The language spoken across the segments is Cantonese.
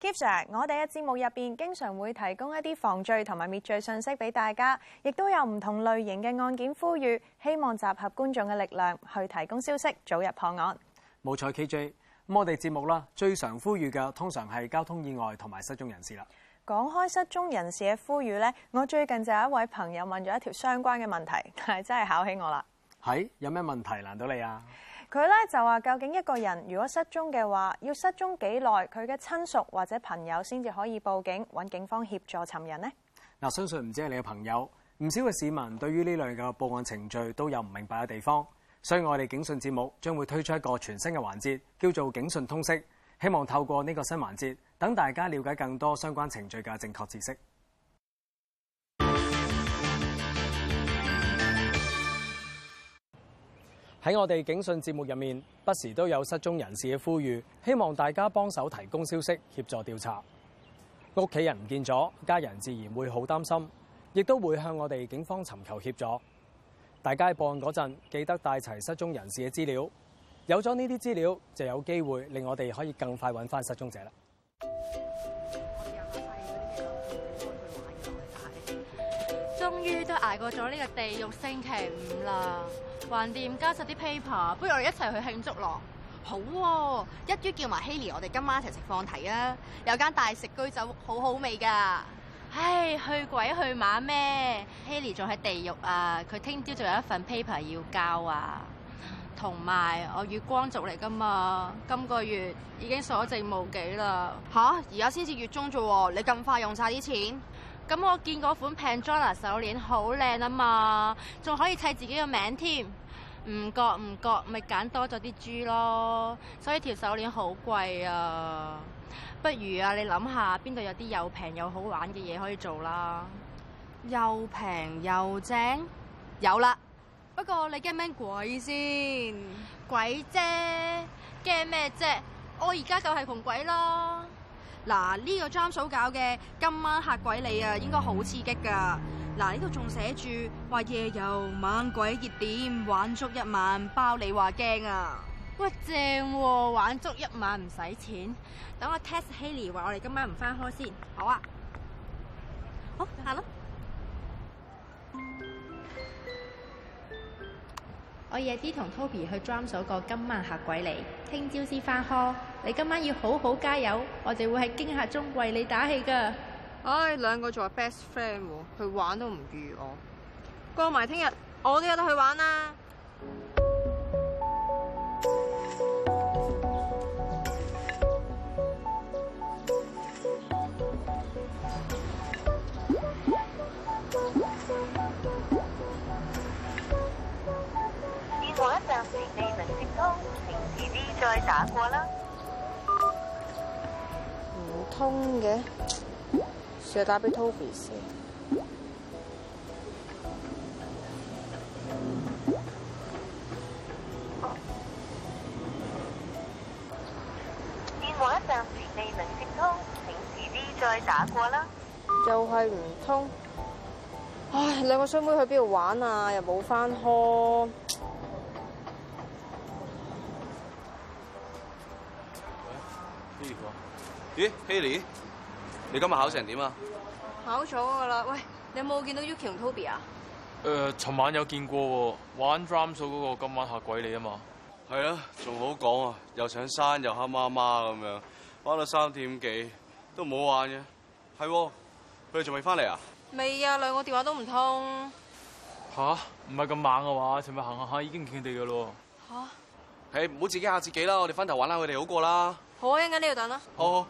Keep Sir，我哋嘅節目入邊經常會提供一啲防罪同埋滅罪信息俾大家，亦都有唔同類型嘅案件呼籲，希望集合觀眾嘅力量去提供消息，早日破案。冇錯，KJ。咁我哋節目啦，最常呼籲嘅通常係交通意外同埋失蹤人士啦。講開失蹤人士嘅呼籲呢，我最近就有一位朋友問咗一條相關嘅問題，係真係考起我啦。係，有咩問題難到你啊？佢咧就話：究竟一個人如果失蹤嘅話，要失蹤幾耐，佢嘅親屬或者朋友先至可以報警，揾警方協助尋人呢？嗱，相信唔止係你嘅朋友，唔少嘅市民對於呢類嘅報案程序都有唔明白嘅地方，所以我哋警訊節目將會推出一個全新嘅環節，叫做警訊通識，希望透過呢個新環節，等大家了解更多相關程序嘅正確知識。喺我哋警訊節目入面，不時都有失蹤人士嘅呼籲，希望大家幫手提供消息協助調查。屋企人唔見咗，家人自然會好擔心，亦都會向我哋警方尋求協助。大家報案嗰陣，記得帶齊失蹤人士嘅資料。有咗呢啲資料，就有機會令我哋可以更快揾翻失蹤者啦。終於都捱過咗呢個地獄星期五啦！橫掂加晒啲 paper，不如我哋一齊去慶祝咯！好、啊，一於叫埋 Hailey，我哋今晚一齊食放題啊！有間大食居就好好味噶。唉，去鬼去馬咩？Hailey 仲喺地獄啊！佢聽朝仲有一份 paper 要交啊！同埋我月光族嚟噶嘛，今個月已經所剩無幾啦。吓、啊，而家先至月中啫，你咁快用晒啲錢？咁我見嗰款 Pandora 手鏈好靚啊嘛，仲可以砌自己嘅名添。唔覺唔覺，咪揀多咗啲珠咯，所以條手鏈好貴啊！不如啊，你諗下邊度有啲又平又好玩嘅嘢，可以做啦。又平又正，有啦。不過你驚咩鬼先？鬼啫，驚咩啫？我而家就係窮鬼咯。嗱，呢個 Jam 嫂搞嘅今晚吓鬼你啊，應該好刺激噶。嗱，呢度仲寫住話夜遊猛鬼熱點，玩足一晚，包你話驚啊！喂，正喎，玩足一晚唔使、啊啊、錢。等我 test Haley 話我哋今晚唔返學先，好啊？好下啦。我夜啲同 Toby 去 d u m 咗個今晚吓鬼嚟，聽朝先返學。你今晚要好好加油，我哋會喺驚吓中為你打氣噶。唉、哎，兩個仲係 best friend 喎、啊，去玩都唔預我。過埋聽日，我都有得去玩啦。你打俾 Tony 先。電話暫時未能接通，請遲啲再打過啦。就係唔通。唉，兩個衰妹去邊度玩啊？又冇翻 call。咦？Hayley？咦？Hayley？你今日考成點啊？考咗噶啦！喂，你有冇見到 Yuki 同 Toby 啊？誒、呃，尋晚有見過，玩 drums 嗰個今晚吓鬼你啊嘛！係啊，仲好講啊，又上山又黑媽媽咁樣，玩到三點幾，都唔好玩嘅。係，佢哋仲未翻嚟啊？未啊，兩個電話都唔通。吓、啊，唔係咁猛嘅話，前排行下下已經見地噶咯？吓、啊？係、欸，唔好自己吓自己啦，我哋分頭玩下佢哋好過啦。好啊，喺呢度等啦。好。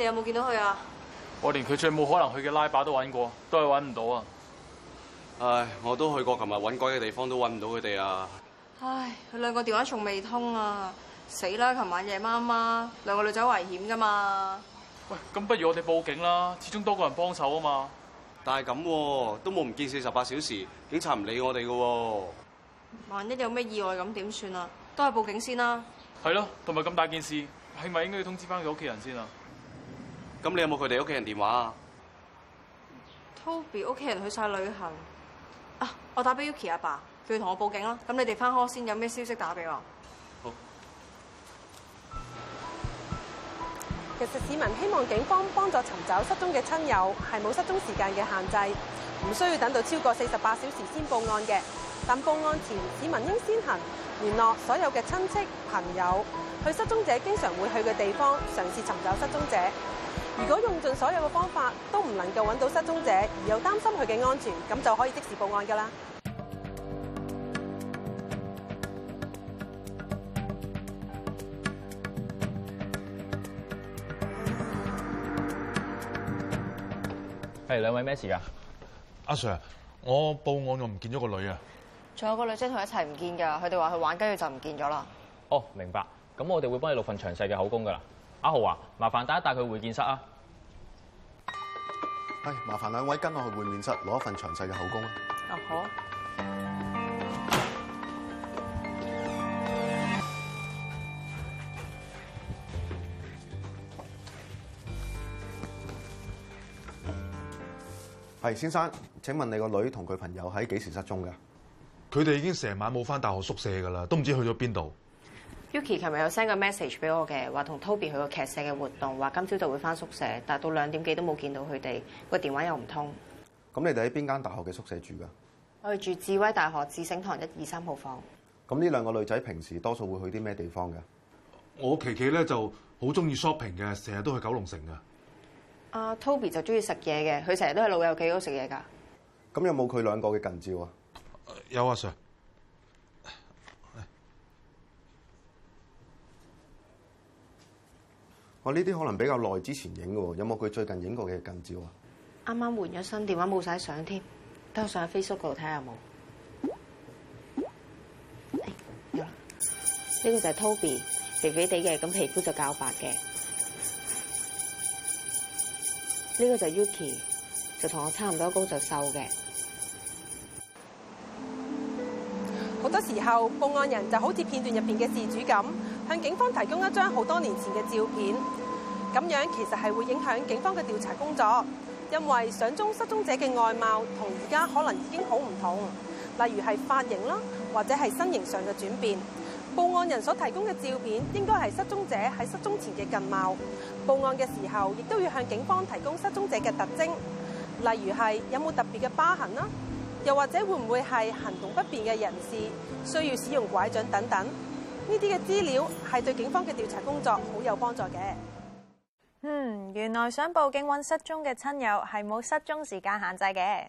你有冇見到佢啊？我連佢最冇可能去嘅拉把都揾過，都係揾唔到啊！唉，我都去過琴日揾鬼嘅地方，都揾唔到佢哋啊！唉，佢兩個電話仲未通啊！死啦！琴晚夜媽媽，兩個女仔危險噶嘛？喂，咁不如我哋報警啦，始終多個人幫手啊嘛。但係咁、喎，都冇唔見四十八小時，警察唔理我哋噶、喎。萬一有咩意外咁點算啊？都係報警先啦、啊。係咯，同埋咁大件事，係咪應該要通知翻佢屋企人先啊？咁你有冇佢哋屋企人電話啊？Toby 屋企人去晒旅行啊！我打俾 Yuki 阿爸，佢要同我報警咯。咁你哋返學先，有咩消息打俾我。好。其實市民希望警方幫助尋找失蹤嘅親友，係冇失蹤時間嘅限制，唔需要等到超過四十八小時先報案嘅。但報案前，市民應先行聯絡所有嘅親戚朋友，去失蹤者經常會去嘅地方，嘗試尋找失蹤者。如果用盡所有嘅方法都唔能夠揾到失蹤者，而又擔心佢嘅安全，咁就可以即時報案噶啦。係、hey, 兩位咩事噶？阿 Sir，我報案，我唔見咗個女啊！仲有個女仔同佢一齊唔見噶，佢哋話去玩，跟住就唔見咗啦。哦、oh，明白。咁我哋會幫你錄份詳細嘅口供噶啦。阿豪啊，麻煩帶一帶佢會見室啊。係，麻煩兩位跟我去會面室攞一份詳細嘅口供啊、哦！好。係先生，請問你個女同佢朋友喺幾時失蹤㗎？佢哋已經成晚冇返大學宿舍噶啦，都唔知去咗邊度。Yuki 琴日有 send 個 message 俾我嘅，話同 Toby 去個劇社嘅活動，話今朝就會翻宿舍，但係到兩點幾都冇見到佢哋，個電話又唔通。咁你哋喺邊間大學嘅宿舍住噶？我哋住智威大學智醒堂一二三號房。咁呢兩個女仔平時多數會去啲咩地方噶？我琪琪咧就好中意 shopping 嘅，成日都去九龍城噶。阿、uh, Toby 就中意食嘢嘅，佢成日都去老友記嗰度食嘢噶。咁有冇佢兩個嘅近照、uh, 啊？有啊，Sir。我呢啲可能比較耐之前影嘅，有冇佢最近影過嘅近照啊？啱啱換咗新電話冇晒相添，等我上去 Facebook 嗰度睇下有冇。呢、哎嗯呢個就係 Toby，肥肥哋嘅，咁皮膚就較白嘅。呢、呢個就係 Yuki，就同我差唔多高，就瘦嘅。好多時候，報案人就好似片段入邊嘅事主咁，向警方提供一張好多年前嘅照片，咁樣其實係會影響警方嘅調查工作，因為相中失蹤者嘅外貌同而家可能已經好唔同，例如係髮型啦，或者係身形上嘅轉變。報案人所提供嘅照片應該係失蹤者喺失蹤前嘅近貌。報案嘅時候亦都要向警方提供失蹤者嘅特徵，例如係有冇特別嘅疤痕啦，又或者會唔會係行動不便嘅人士需要使用拐杖等等。呢啲嘅資料係對警方嘅調查工作好有幫助嘅。嗯，原來想報警揾失蹤嘅親友係冇失蹤時間限制嘅。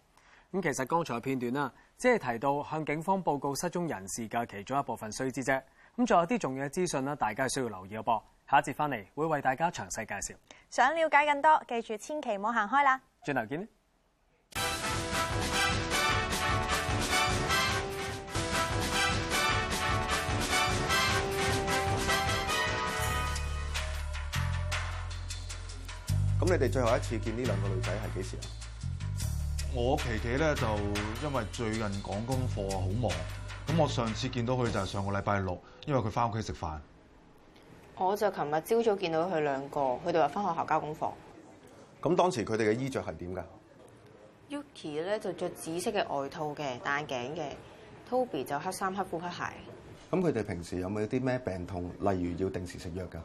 嗯，咁其實剛才嘅片段啦，只係提到向警方報告失蹤人士嘅其中一部分須知啫。咁仲有啲重要嘅資訊啦，大家需要留意一下。下一節翻嚟會為大家詳細介紹。想了解更多，記住千祈唔好行開啦。轉頭見。咁你哋最後一次見呢兩個女仔係幾時啊？我琪琪咧就因為最近講功課啊，好忙。咁我上次見到佢就係上個禮拜六，因為佢返屋企食飯。我就琴日朝早見到佢兩個，佢哋話返學校交功課。咁當時佢哋嘅衣着係點㗎？Yuki 咧就着紫色嘅外套嘅，戴眼鏡嘅。Toby 就黑衫黑褲黑鞋。咁佢哋平時有冇啲咩病痛，例如要定時食藥㗎？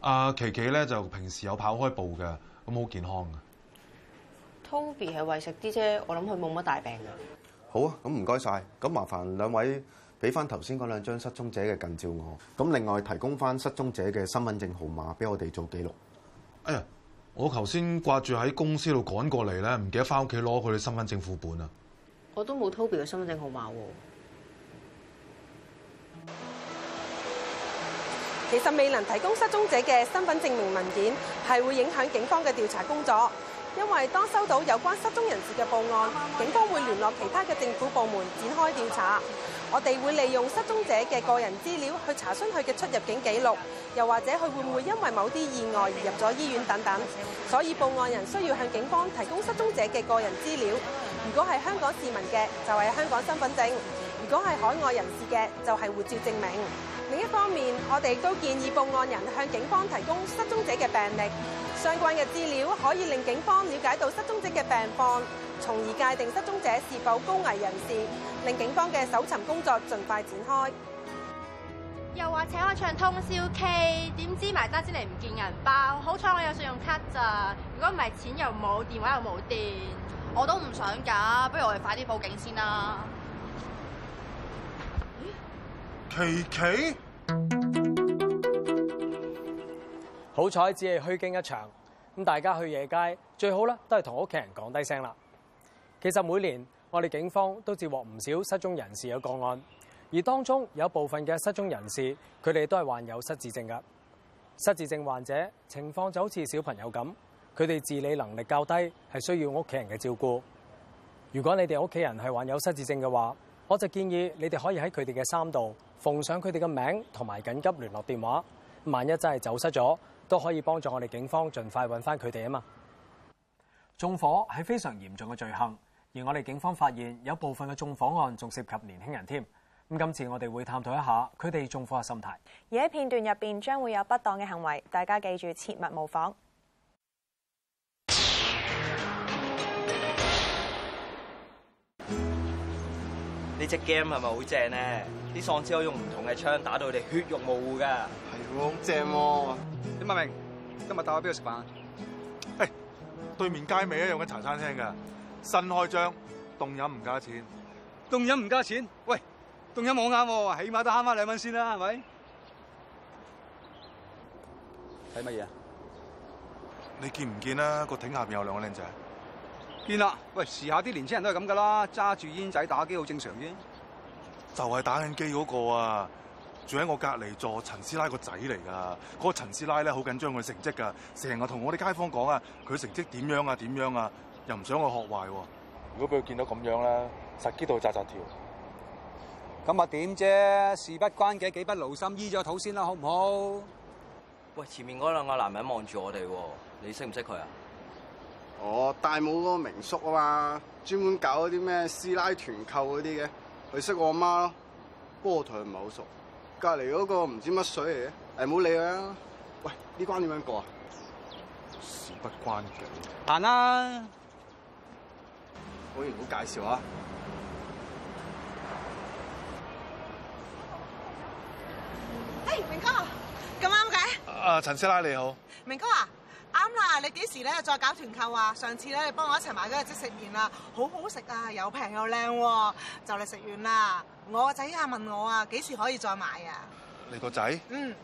啊，琪琪咧就平時有跑開步嘅，咁好健康嘅。Toby 係餵食啲啫，我諗佢冇乜大病㗎。好啊，咁唔該晒。咁麻煩兩位俾翻頭先嗰兩張失蹤者嘅近照我，咁另外提供翻失蹤者嘅身份證號碼俾我哋做記錄。哎呀，我頭先掛住喺公司度趕過嚟咧，唔記得翻屋企攞佢嘅身份證副本啊。我都冇 Toby 嘅身份證號碼喎、啊。其實未能提供失蹤者嘅身份證明文件，係會影響警方嘅調查工作。因為當收到有關失蹤人士嘅報案，警方會聯絡其他嘅政府部門展開調查。我哋會利用失蹤者嘅個人資料去查詢佢嘅出入境記錄，又或者佢會唔會因為某啲意外而入咗醫院等等。所以報案人需要向警方提供失蹤者嘅個人資料。如果係香港市民嘅，就係香港身份證；如果係海外人士嘅，就係護照證明。另一方面，我哋都建議報案人向警方提供失蹤者嘅病歷相關嘅資料，可以令警方了解到失蹤者嘅病況，從而界定失蹤者是否高危人士，令警方嘅搜尋工作盡快展開。又話請我唱通宵 K，點知埋單先嚟唔見銀包，好彩我有信用卡咋。如果唔係錢又冇，電話又冇電，我都唔想㗎，不如我哋快啲報警先啦。奇奇，好彩只係虛驚一場。咁大家去夜街，最好咧都係同屋企人講低聲啦。其實每年我哋警方都接獲唔少失蹤人士嘅個案，而當中有部分嘅失蹤人士，佢哋都係患有失智症噶。失智症患者情況就好似小朋友咁，佢哋自理能力較低，係需要屋企人嘅照顧。如果你哋屋企人係患有失智症嘅話，我就建議你哋可以喺佢哋嘅衫度縫上佢哋嘅名同埋緊急聯絡電話，萬一真係走失咗，都可以幫助我哋警方盡快揾翻佢哋啊嘛！縱火係非常嚴重嘅罪行，而我哋警方發現有部分嘅縱火案仲涉及年輕人添。咁今次我哋會探討一下佢哋縱火嘅心態。而喺片段入邊將會有不當嘅行為，大家記住切勿模仿。呢隻 game 係咪好正咧？啲喪屍可以用唔同嘅槍打到你血肉模糊㗎。係喎，好正喎。點啊阿明？今日帶我邊度食飯？誒、哎，對面街尾有間茶餐廳㗎，新開張，凍飲唔加錢。凍飲唔加錢？喂，凍飲冇啱喎，起碼都慳翻兩蚊先啦，係咪？睇乜嘢？你見唔見啊？個艇下邊有兩個靚仔。見啦，喂，時下啲年青人都係咁噶啦，揸住煙仔打機好正常啫、啊。就係、是、打緊機嗰個啊，住喺我隔籬座陳師奶個仔嚟噶。嗰個陳師奶咧，好緊張佢成績噶，成日同我哋街坊講啊，佢成績點樣啊，點樣啊，又唔想我學壞、啊。如果俾佢見到咁樣咧，實機度扎扎跳。咁啊點啫？事不關己，己不勞心，醫咗肚先啦、啊，好唔好？喂，前面嗰兩個男人望住我哋、啊，你識唔識佢啊？我、哦、帶冇嗰個明叔啊嘛，專門搞嗰啲咩師奶團購嗰啲嘅，佢識我媽咯，波台唔係好熟。隔離嗰個唔知乜水嚟嘅，誒冇理佢啦。喂，呢關點樣過啊？事不關嘅，行啦、啊，可以唔好介紹啊？嘿、hey，明哥，咁啱嘅。誒、啊，陳師奶你好。明哥啊。啱啦！你幾時咧再搞團購啊？上次咧你幫我一齊買嗰隻即食麵啦，好好食啊，又平又靚喎！就嚟食完啦，我個仔啊問我啊，幾時可以再買啊？你個仔？嗯。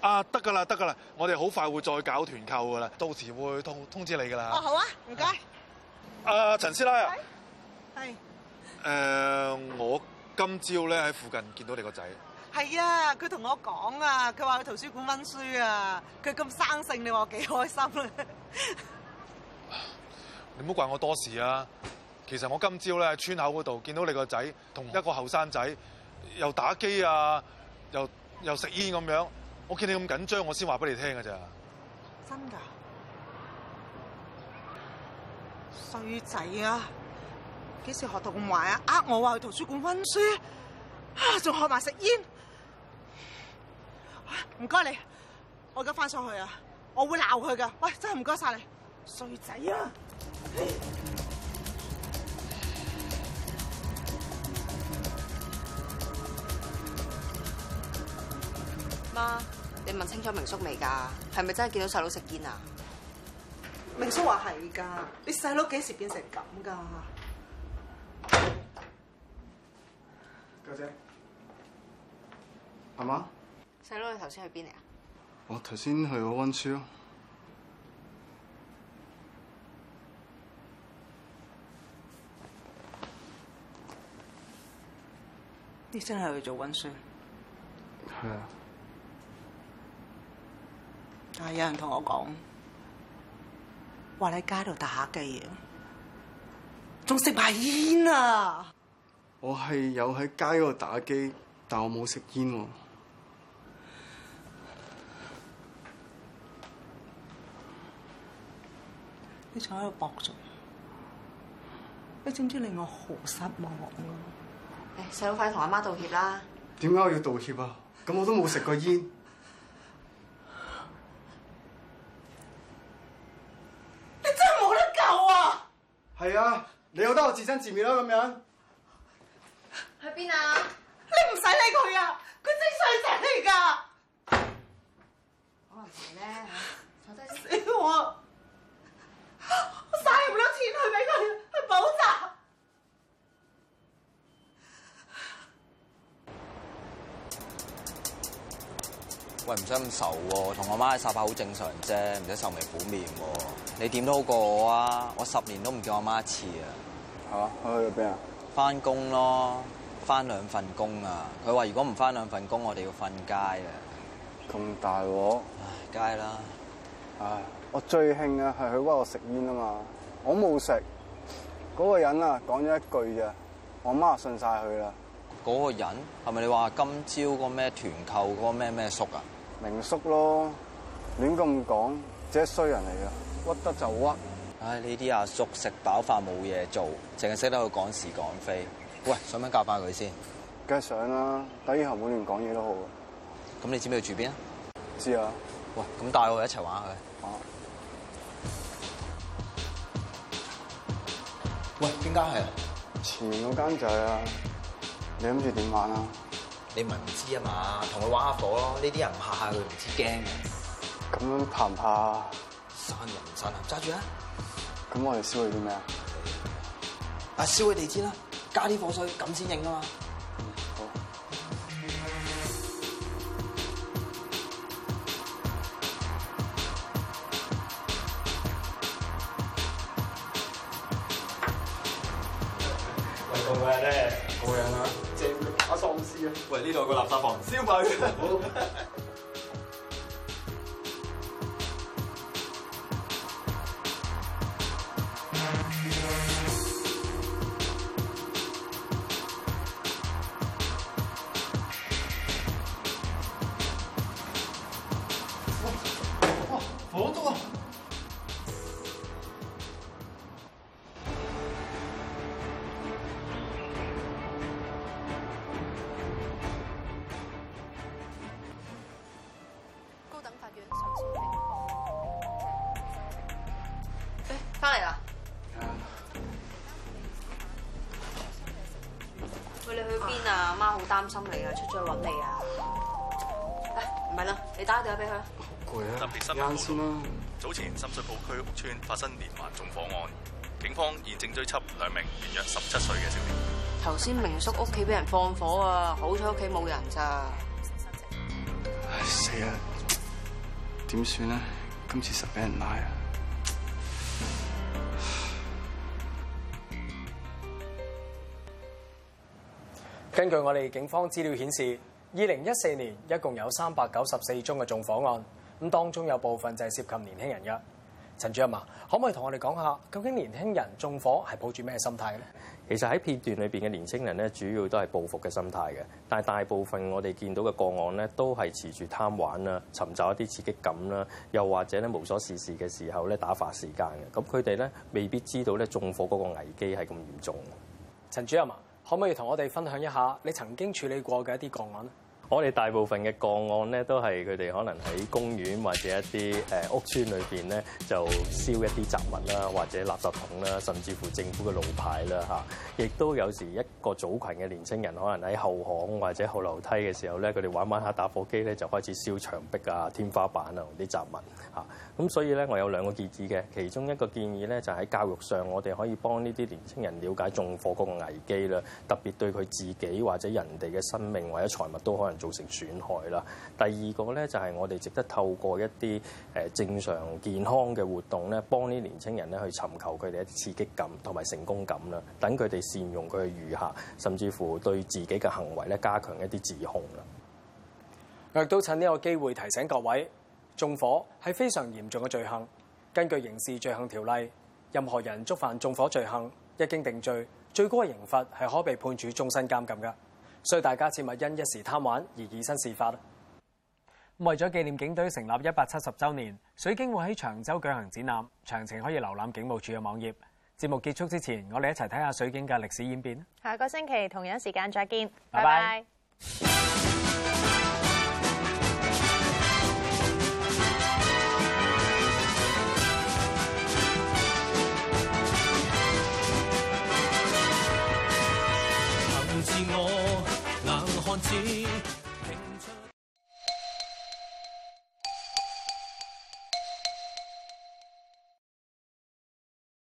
啊，得噶啦，得噶啦，我哋好快會再搞團購噶啦，到時會通通知你噶啦。哦、啊，好啊，唔該。啊，陳師奶啊。係。誒、啊，我今朝咧喺附近見到你個仔。係啊，佢同我講啊，佢話去圖書館溫書啊，佢咁生性，你話幾開心咧啊？你唔好怪我多事啊！其實我今朝咧喺村口嗰度見到你個仔同一個後生仔又打機啊，又又食煙咁樣，我見你咁緊張，我先話俾你聽噶咋。真噶？衰仔啊！幾時學到咁壞啊？呃，我話去圖書館溫書啊，仲學埋食煙。唔該你，我而家翻上去啊！我會鬧佢噶，喂，真係唔該晒你，衰仔啊！媽，你問清楚明叔未噶？係咪真係見到細佬食煙啊？明叔話係噶，你細佬幾時變成咁噶？家姐，姐，阿媽。細佬，你頭先去邊嚟啊？我頭先去過溫書咯。你真係去做溫書？係啊。但係有人同我講話你喺街度打機，仲食埋煙啊！我係有喺街度打機，但我冇食煙喎。佢坐喺度搏住，你總之令我好失望咯。嚟、欸，細佬快快同阿媽道歉啦！點解我要道歉啊？咁我都冇食過煙， 你真係冇得救啊！係啊，你有得我自生自滅啦咁樣。喺邊啊？你唔使理佢啊！佢真係細路嚟㗎。 可能係咧，坐低死我。 我嘥咁多錢去俾佢去補習。喂，唔使咁愁喎，同我媽撒泡好正常啫，唔使愁眉苦面喎、哦。你點都好過我啊，我十年都唔見我媽一次啊。吓、啊，去到邊啊？返工咯，返兩份工啊。佢話如果唔返兩份工，我哋要瞓街啊！咁大鑊？唉，街啦。唉。我最興啊，係佢屈我食煙啊嘛！我冇食，嗰個人啊講咗一句啫，我媽就信晒佢啦。嗰、那個人係咪你話今朝個咩團購嗰個咩咩叔、哎、啊？明叔咯，亂咁講，即係衰人嚟㗎。屈得就屈。唉，呢啲阿叔食飽飯冇嘢做，淨係識得去講是講非。喂，想唔想教翻佢先？梗係想啦，等層唔好亂講嘢都好。咁你知唔知佢住邊啊？知啊。喂，咁帶我一齊玩一下佢。啊。喂，邊間係啊？前面嗰間就係啦。你諗住點玩啊？你咪唔知啊嘛，同佢玩下火咯。呢啲人唔怕下佢，唔知驚嘅。咁樣怕唔怕？散人唔散人，揸住啊！咁我哋燒佢啲咩啊？啊，燒佢地氈啦，加啲火水，咁先應啊嘛！呢度個垃圾房，燒埋佢。好。 阿媽好擔心你啊，出咗揾你啊！唔係啦，你打個電話俾佢好攰啊，特別心酸。先早前深水埗區屋村發生連環縱火案，警方現正追緝兩名年約十七歲嘅少年。頭先明叔屋企俾人放火啊！好彩屋企冇人咋。嗯。唉，死啦！點算呢？今次實俾人拉啊！根據我哋警方資料顯示，二零一四年一共有三百九十四宗嘅縱火案，咁當中有部分就係涉及年輕人嘅。陳主任啊，可唔可以同我哋講下究竟年輕人縱火係抱住咩心態呢？其實喺片段裏邊嘅年輕人咧，主要都係報復嘅心態嘅，但係大部分我哋見到嘅個案咧，都係持住貪玩啦、尋找一啲刺激感啦，又或者咧無所事事嘅時候咧打發時間嘅。咁佢哋咧未必知道咧縱火嗰個危機係咁嚴重。陳主任啊。可唔可以同我哋分享一下你曾經處理過嘅一啲個案咧？我哋大部分嘅個案咧，都係佢哋可能喺公園或者一啲誒屋村裏邊咧，就燒一啲雜物啦，或者垃圾桶啦，甚至乎政府嘅路牌啦吓，亦都有時一個組群嘅年青人，可能喺後巷或者後樓梯嘅時候咧，佢哋玩玩下打火機咧，就開始燒牆壁啊、天花板啊同啲雜物吓，咁所以咧，我有兩個建議嘅，其中一個建議咧就喺教育上，我哋可以幫呢啲年青人了解縱火個危機啦，特別對佢自己或者人哋嘅生命或者財物都可能。造成損害啦。第二個咧就係我哋值得透過一啲誒正常健康嘅活動咧，幫啲年青人咧去尋求佢哋一啲刺激感同埋成功感啦。等佢哋善用佢嘅餘下，甚至乎對自己嘅行為咧加強一啲自控啦。我亦都趁呢個機會提醒各位，縱火係非常嚴重嘅罪行。根據刑事罪行條例，任何人觸犯縱火罪行，一經定罪，最高嘅刑罰係可被判處終身監禁㗎。所以大家切勿因一時貪玩而以身試法。為咗紀念警隊成立一百七十周年，水警會喺長洲舉行展覽，詳情可以瀏覽警務處嘅網頁。節目結束之前，我哋一齊睇下水警嘅歷史演變。下個星期同樣時間再見，拜拜。